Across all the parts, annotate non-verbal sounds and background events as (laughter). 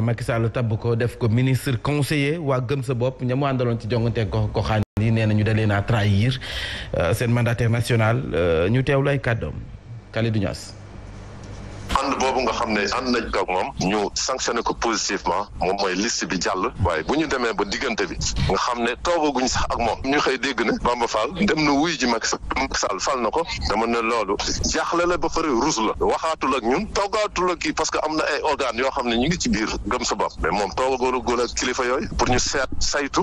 ndax Macky Sall ko def ko ministre conseiller waa gëm sa bopp ña mu àndaloon ci jongante ko ko xaan yi nee nañu dalee naa trahir euh, seen mandataire national euh, ñu teew ay kàddoom Kalidou Niass ànd boobu nga xam ne ànd nañ ko moom ñu sanctionné ko positivement moom mooy liste bi jàll waaye bu ñu demee ba diggante bi nga xam ne toogaguñ sax ak moom ñu xëy dégg ne Bamba Fall dem na wuy ji Macky Sall fal na ko dama ne loolu jaaxle la ba pare rus la waxaatul ak ñun toogaatul ak kii parce que am na ay organes yoo xam ne ñu ngi ci biir gëm sa bopp moom toogagoon ak ak kilifa yooyu pour ñu seet saytu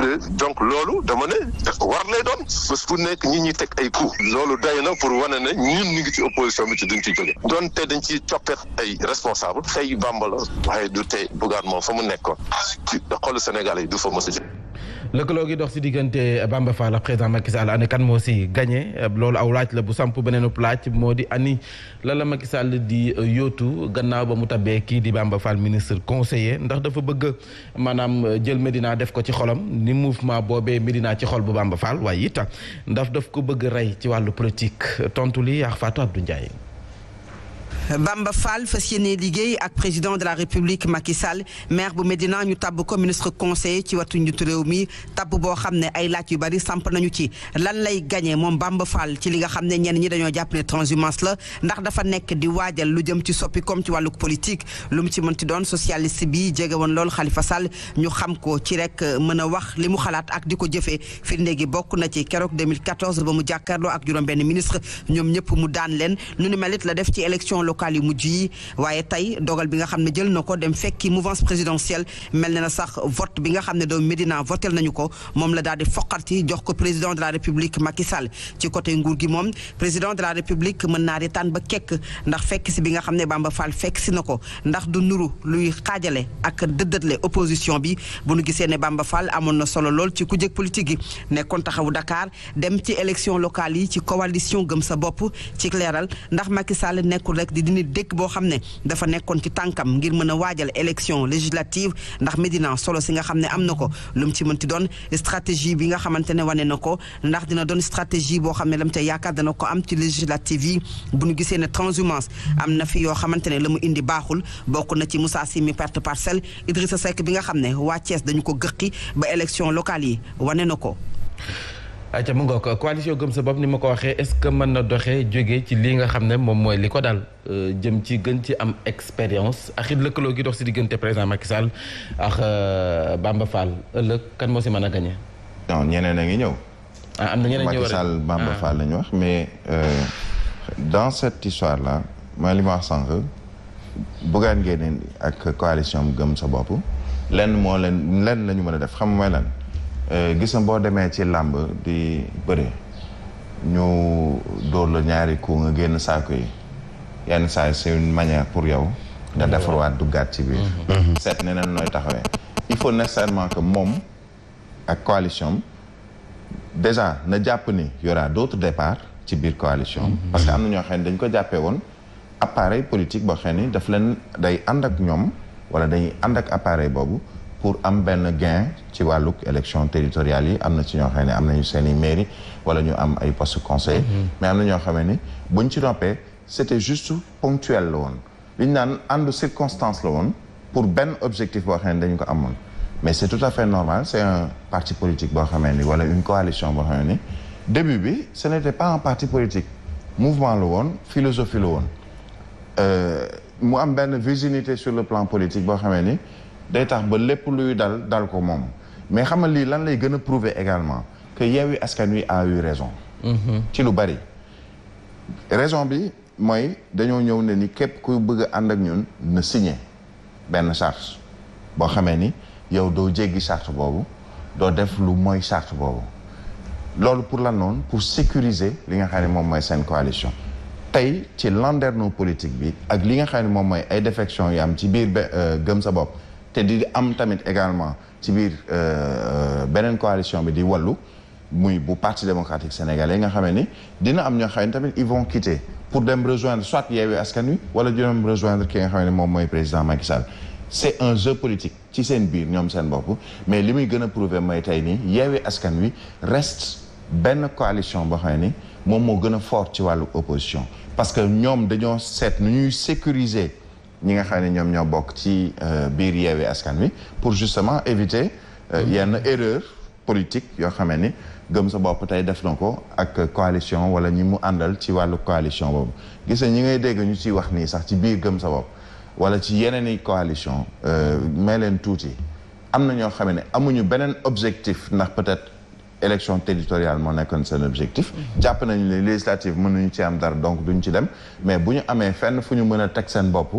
euh, donc loolu dama ne ko war lay doon bés bu nekk ñi ñuy teg ay coup loolu day na pour wane ne ñun ñu ngi ci opposition bi ci duñ di coppet ay responsable xëy bambala waaye du tey bugaan moom fa mu nekkoon ci xolu Sénégal lëkkaloo gi dox si diggante Bamba Fall ak président Macky Sall ana kan moo si gagné loolu aw laaj la bu samp beneenub laaj moo di ani lan la Macky Sall di yootu gannaaw ba mu tabee kii di Bamba Fall ministre conseiller ndax dafa bëgg maanaam jël Medina def ko ci xolam ni mouvement boobee Medina ci xol bu Bamba Fall waaye it ndax daf ko bëgg rey ci wàllu politique tontu li yaax Fatou Abdou Ndiaye. Bamba Fall fas yéene liggéey ak président de la république Macky Sall maire bu Médina ñu tabb ko ministre conseiller ci watu njiitu réew mi tabb boo xam ne ay laaj yu bari samp nañu ci lan lay gagné moom Bamba Fall ci li nga xam ne ñenn ñi dañoo jàpp ne transhumance la ndax dafa nekk di waajal lu jëm ci soppi comme ci wàllu politique lu mu ci ti doon socialiste bi jege woon lool xalifa Sall ñu xam ko ci rek euh, mën a wax li mu xalaat ak di ko jëfe firnde gi bokk na ci keroog 2014 ba mu jàkkaarloo ak juróom-benn ministre ñoom ñëpp mu daan leen nu ni mel it la ci élection locale locales yu mujj yi waaye tey dogal bi nga xam ne jël na ko dem fekki mouvance présidentielle mel na na sax vote bi nga xam ne doomu Médina votel nañu ko moom la daal di foqarti jox ko président de la république Macky Sall ci côté nguur gi moom président de la république mën naa retaan ba kekk ndax fekk si bi nga xam ne Bamba Fall fekk si na ko ndax du nuru luy xaajale ak dëddëtle opposition bi bu nu gisee ne Bamba Fall amoon na solo lool ci kujje politique gi ci élection locale yi ci coalition gëm sa bopp ci leeral ndax Macky Sall nekkul rek di nit dëkk boo xam ne dafa nekkoon ci tànkam ngir mën a waajal élection législative ndax Médina solo si nga xam ne am na ko lu mu ci mënti doon stratégie bi nga xamante ne wane na ko ndax dina doon stratégie boo xam ne lam ca yaakaar dana ko am ci législative yi bu ñu gisee ne transhumance am na fi yoo xamante ne la mu indi baaxul bokk na ci Moussa Sy mi perte parcelle Idrissa Seck bi nga xam ne waa Thiès dañu ko gëqi ba élection locale yi wane na ko ca mu ngoog coalition gëm sa bopp ni ma ko waxee est-ce que mën na doxee jógee ci lii nga xam ne moom mooy li ko dal euh, jëm ci gën ci am expérience ak lëkkaloo gi dox si diggante président Macky Sall ak euh, Bamba Fall ëllëg kan moo si mën a gagné. non ñeneen a ngi ñëw. ah am na ñeneen ñi war a Macky Sall Bamba ah. Fall la ñu wax mais euh, dans cette histoire là mooy li ma wax sànq Bougane Gueye ak coalition gëm sa bopp lenn moo leen lenn la ñu mën a def xam mooy lan. Euh, gis na boo demee ci làmb di bëre ñu dóor la ñaari ku nga génn saako yi yenn saa c'est une pour yow nga mm-hmm. defarwaat duggaat ci biir mm-hmm. seet ne neen nooy taxawee il faut nécessairement que moom ak coalition déjà na jàpp ni y aura d'autres départs ci biir coalition mm-hmm. parce que am na ñoo xam ne dañ ko jàppee woon appareil politique boo xam ne daf leen day ànd ak ñoom wala dañuy ànd ak appareil boobu pour am benn gain ci wàllug élection territoriale yi am na ci ñoo xam ne am nañu seen i mairie wala ñu am ay poste conseil mhm. mais am na ñoo xam ne buñ ci noppee c'était juste ponctuel la woon li ñu naan àndu circonstance la woon pour benn objectif boo xam ne dañu ko amoon mais c'est tout à fait normal c'est un parti politique boo xamee ni wala une coalition boo xamee ni début bi ce n'était pas un parti politique mouvement la woon philosophie la woon euh, mu am benn virginité sur le plan politique boo xamee ni day tax ba lépp luy dal dal ko moom mais xam nga lii lan lay gën a prouver également que Yewwi Askan Wi a eu raison mhm. ci lu bari raison bi mooy dañoo ñëw ne ni képp kuy bëgg a ànd ak ñun na signer benn charte boo xamee ni yow doo jéggi charte boobu doo def lu mooy charte boobu loolu pour lan noonu pour sécuriser li nga xam ne moom mooy seen coalition tey ci landerneau politique bi ak li nga xam ne moom mooy ay défection yu am ci biir euh, gëm sa bopp te di am tamit également ci biir euh, euh, beneen coalition bi di wallu muy bu parti démocratique sénégalais nga xamee ni dina am ñoo xam ne tamit ils vont quitter pour dem rejoindre soit yeewi askan wi wala dina dem rejoindre ki nga xam ne moom mooy président Macky Sall un jeu politique ci seen biir ñoom seen bopp mais li muy gën a prouver nii yeewi askan wi reste benn coalition boo xam ne ni moom moo gën a fort ci wàllu opposition parce que ñoom dañoo seet nu ñuy sécuriser ñi nga xam ne ñoom ñoo bokk ci euh, biir yeewi askan wi pour justement éviter euh, mm-hmm. yenn erreur politique yoo xamee ni gëm sa bopp tey def na ko ak coalition wala ñi mu àndal ci wàllu coalition boobu gis ñi ngay dégg ñu ciy wax nii sax ci biir gëm sa bopp wala ci yeneen i coalition euh, may leen tuuti am na ñoo xamee ne amuñu beneen objectif ndax peut-être élection territoriale moo nekkoon seen objectif mm-hmm. jàpp nañu ne législative mënuñu ci am dara donc duñ ci dem mais bu ñu amee fenn fu ñu mën a teg seen bopp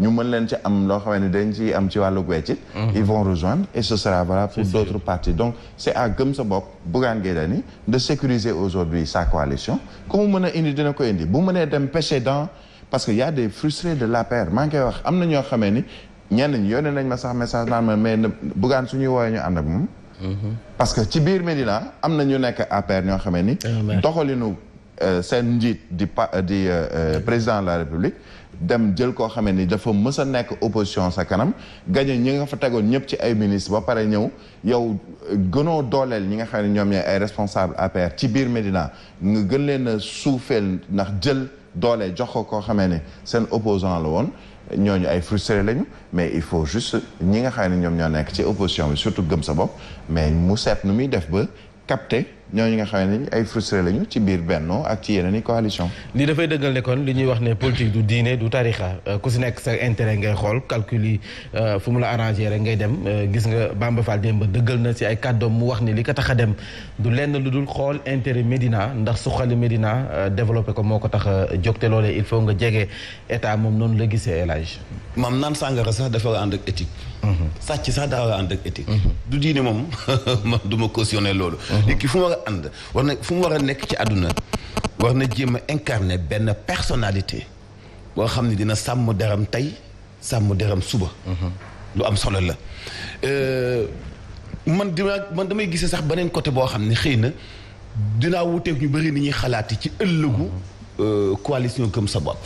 ñu mën leen ci am loo xamante ne dañ ci am ci wàllu weccit mhm. ils vont rejoindre et ce sera valable pour d'autres partis donc c'est à gëm sa bopp Bougane Gueye Dany de sécuriser aujourd'hui sa coalition ku mën a indi dina ko indi bu mënee dem pêcher dans parce que y a des frustrés de l'APR maa ngi koy wax am na ñoo xamee ni ñenn ñi yónnee nañ ma sax message naan ma mais Bougane suñuy woowee ñu ànd ak moom mhm. parce que ci biir Médina am na ñu nekk APR ñoo xamee ni ah, doxalinu Euh, seen njiit di pa euh, di euh, président de la république dem jël koo xamee ni dafa mës a nekk opposition sa kanam gañe ñi nga fa tegoon ñëpp ci ay ministre ba pare ñëw yow gënoo dooleel ñi nga xam ne ñoom ñooy ay responsable APR ci biir Médina nga gën leen suufeel ndax jël doole jox ko koo xamee ne seen opposant la woon ñooñu ay frustré lañu mais il faut juste ñi nga xam ne ñoom ñoo nekk ci opposition bi surtout gëm sa bopp mais mu seet nu muy def ba capter ñooñu nga xam biir Benno ak ci yeneen li dafay dëggal ne kon li ñuy wax ne politique du diine du euh, ku si nekk sa intérêt ngay xool calcul euh, fu mu la arrangé rek ngay dem euh, gis nga Bamba Fall démb dëggal na si ay kàddoom mu wax ni li ko tax a dem du lenn lu dul xool intérêt Médina ndax suqali Médina développé ko moo ko tax a il faut nga jege état moom noonu la gisee élage maam naan sàngara sax dafa war ànd ak éthique mhm. sàcc sax daa war ànd ak éthique mhm. du diine moom (laughs) man du ma cautionné loolu mhm. war ànd war na fu mu war a nekk ci àdduna war na jéem a incarner benn personnalité boo xam ne dina sàmm deram tey sàmm deram suba. Mhm. lu am solo la. Euh, man dina man damay gisee sax beneen côté boo xam ne xëy na dinaa wuteek ñu bëri ni ñuy xalaati ci ëllëgu. Mhm. Euh, coalition gëm sa bopp.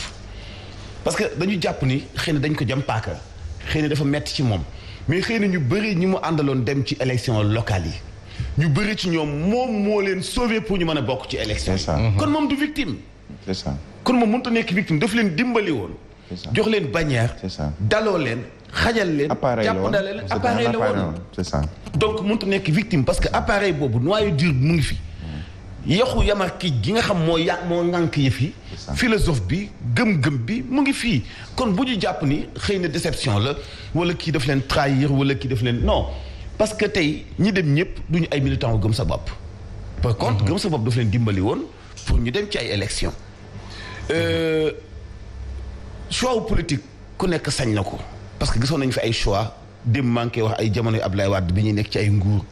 parce que dañu jàpp ni xëy na dañ ko jam paaka xëy na dafa metti ci moom mais xëy na ñu bëri ñi mu àndaloon dem ci élection locale yi. ñu bëri ci ñoom moom moo leen sauvé pour ñu mën a bokk ci élection kon mm-hmm. moom du victime c'est kon moom mënut a nekk victime daf leen dimbali woon jox leen bannière daloo leen xajal leen jàppandale leen appareil la woon c'est ça donc mënut a nekk victime parce que appareil boobu noyau dur mu ngi fi mm. yaxu yamar kii gi nga xam moo ya moo ŋànk yëf yi philosophe bi gëm-gëm bi mu ngi fii kon bu ñu jàpp ni xëy na déception la wala kii daf leen trahir wala kii daf leen non parce que tey ñi dem ñëpp ñu ay militants wu gëm sa bopp. par contre gëm sa bopp dafa leen dimbali woon pour ñu dem ci ay élections. Euh, choix wu politique ku nekk sañ na ko parce que gisoon nañu fi ay choix dem manqué wax ay jamono yu Abdoulaye Wade bi ñuy nekk ci ay nguur.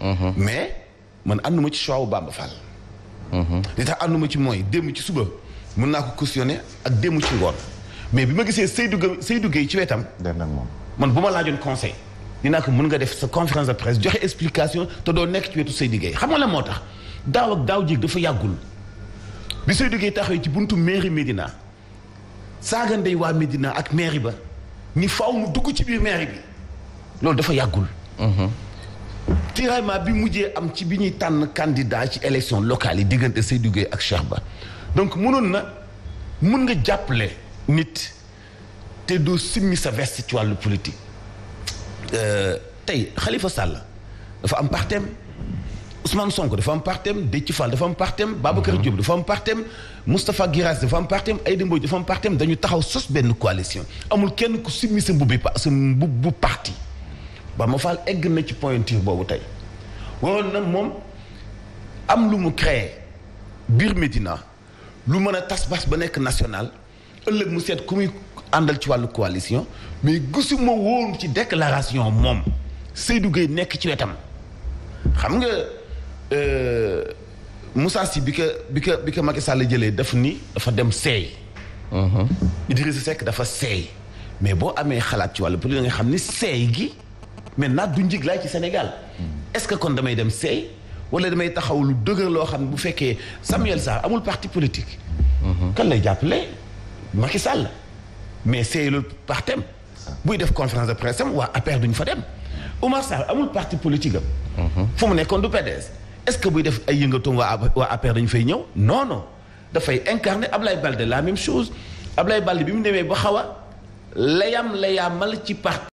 Mhm. mais man ma ci choix wu Bamba Fall. Mhm. li tax ànduma ci mooy démb ci suba mën naa ko questionner ak démb ci ngoon mais bi ma gisee Seydou Gueye Seydou Gueye ci wetam. man bu ma laajoon conseil. ni naa ko mën nga def sa conférence de presse joxe explication te doo nekk ci wetu Seydi Gueye xam nga la moo tax daaw ak daaw jéeg dafa yàggul bi say Gueye taxawee ci buntu mairie Médina saaga ndey waa Médina ak mairie ba ni faaw mu dugg ci biir mairie bi loolu dafa yàggul mhm. tiraillement bi mujjee am ci bi ñuy tànn candidat ci élection locale yi diggante Seydou Gueye ak Cheikh Ba donc mënoon na mën nga jàppale nit te doo simmi sa veste ci wàllu politique Euh, tey Khalifa Sall dafa am partem Ousmane Sonko dafa am partem Déthié Fall dafa am partem Babacar mhm. Diop dafa am partem Moustapha Guirassy dafa am ay Aïda Mbodj dafa am partem dañu taxaw sos benn coalition amul kenn ku simmi sa mbubbi sa mbubbu parti ba ma faal egg na ci pointure boobu tey waroon na moom am lu mu créer biir Médina lu mën a tas bas ba nekk national ëllëg mu seet ku muy àndal ci wàllu coalition mais gisuma woon ci déclaration moom Seydou Gueye nekk ci wetam xam nga euh, Moussa Sy bi ko bi ko bi ko Macky Sall jëlee daf ni dafa dem seey mhm. Idrissa Seck dafa seey mais boo amee xalaat ci wàllu pour nga xam ni seey gi maintenant du njig laay ci Sénégal mm. est-ce que kon damay dem seey wala damay taxaw lu dëgër loo xam ne bu fekkee Samuel Sarr amul parti politique mhm. kan lay jàppale Macky Sall mais seeyalul partem buy def conférence de presse am waa APR duñ fa dem Oumar Sarr amul parti politique am mhm. fu mu nekkoon du PDS est-ce que buy def ay yëngatoom waa waa APR dañu fay ñëw non non dafay incarner Ablaye Balde la même chose Ablaye Balde bi mu demee ba xaw a layam layamal ci parti